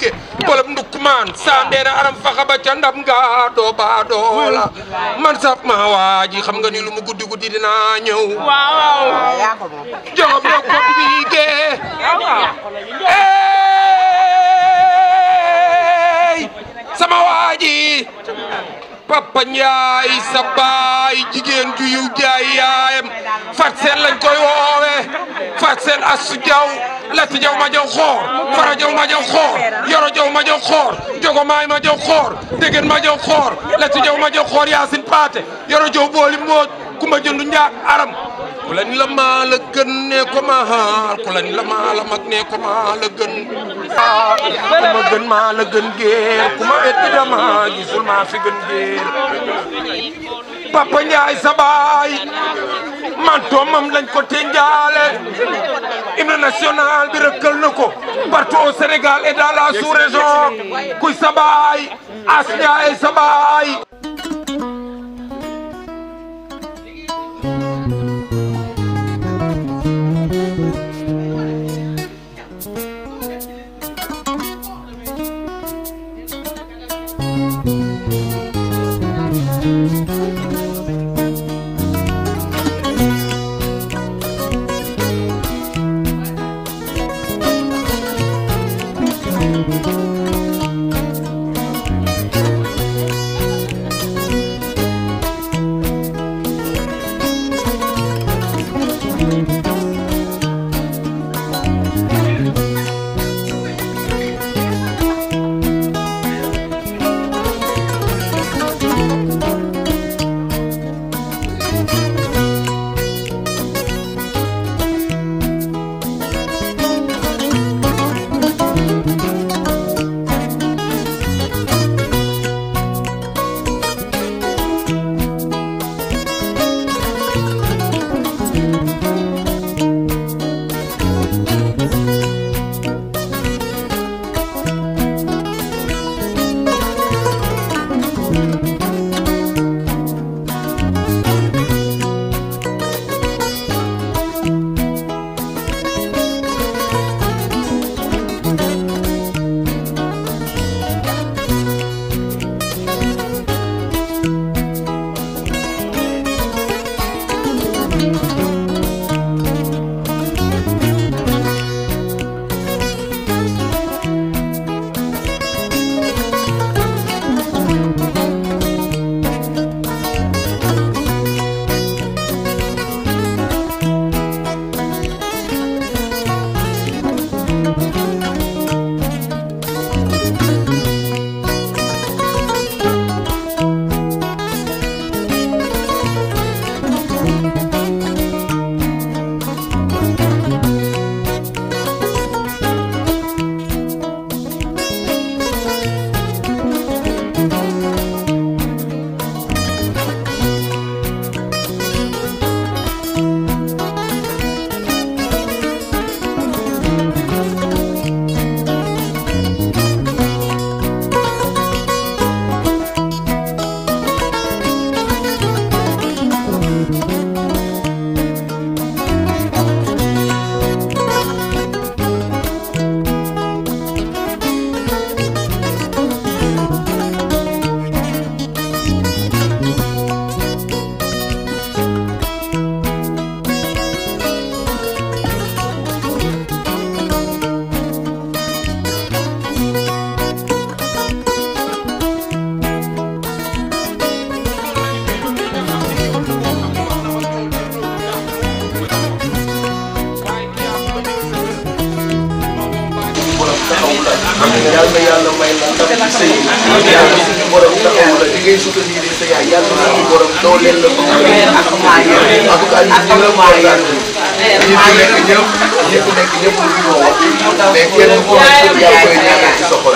jike bolom ndukman sandera aram faxaba ca nga do ba man sax ma waaji xam nga ni lu mu guddi guddi dinaa ñëw waaw waaw Papa Njaay jigéen ju yu jaay fat seen lañ koy woowee fat seen asu jaw lati jaw ma jaw xoor fara jaw ma jaw xoor yoro jaw ma jaw xoor jogo maay ma jaw xoor degen ma jaw xoor lati jaw ma jaw xoor yaasin paate yoro jaw booli mooj kuma jëndu njaak aram ku lañ la maa la gën ne ko ku la maa la ma géer ku ma wet dama gisul maa géer papa Njaay sa baay man doomam ko te njaale hymne national bi rëkkal na ko partout Sénégal et dans la région kuy sa as Njaay sa Thank you. yàlla na yàlla may la ndam ci sëy yàlla suñu borom taxaw la li ngay soutenir sa yaay yàlla suñu borom dooleel la ko ak maay en tout cas ñun ñu la kontaan ñi fi nekk ñëpp ñi fi nekk ñëpp lu ñu wax mais kenn ku nekk yaa koy ñaanal ci sa xol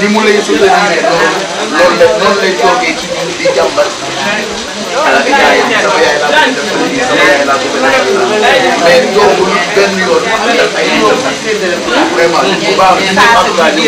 ni mu lay soutenir noonu loolu la noonu lay toogee ci ñun di jàmbat ah yaay sama yaay laa bëgg def sama yaay laa bëgg def mais toogul benn yoon ay vraiment, je ne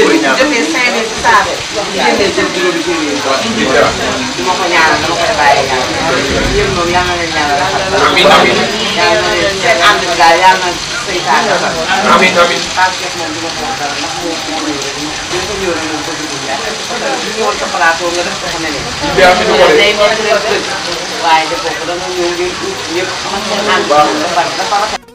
peux de de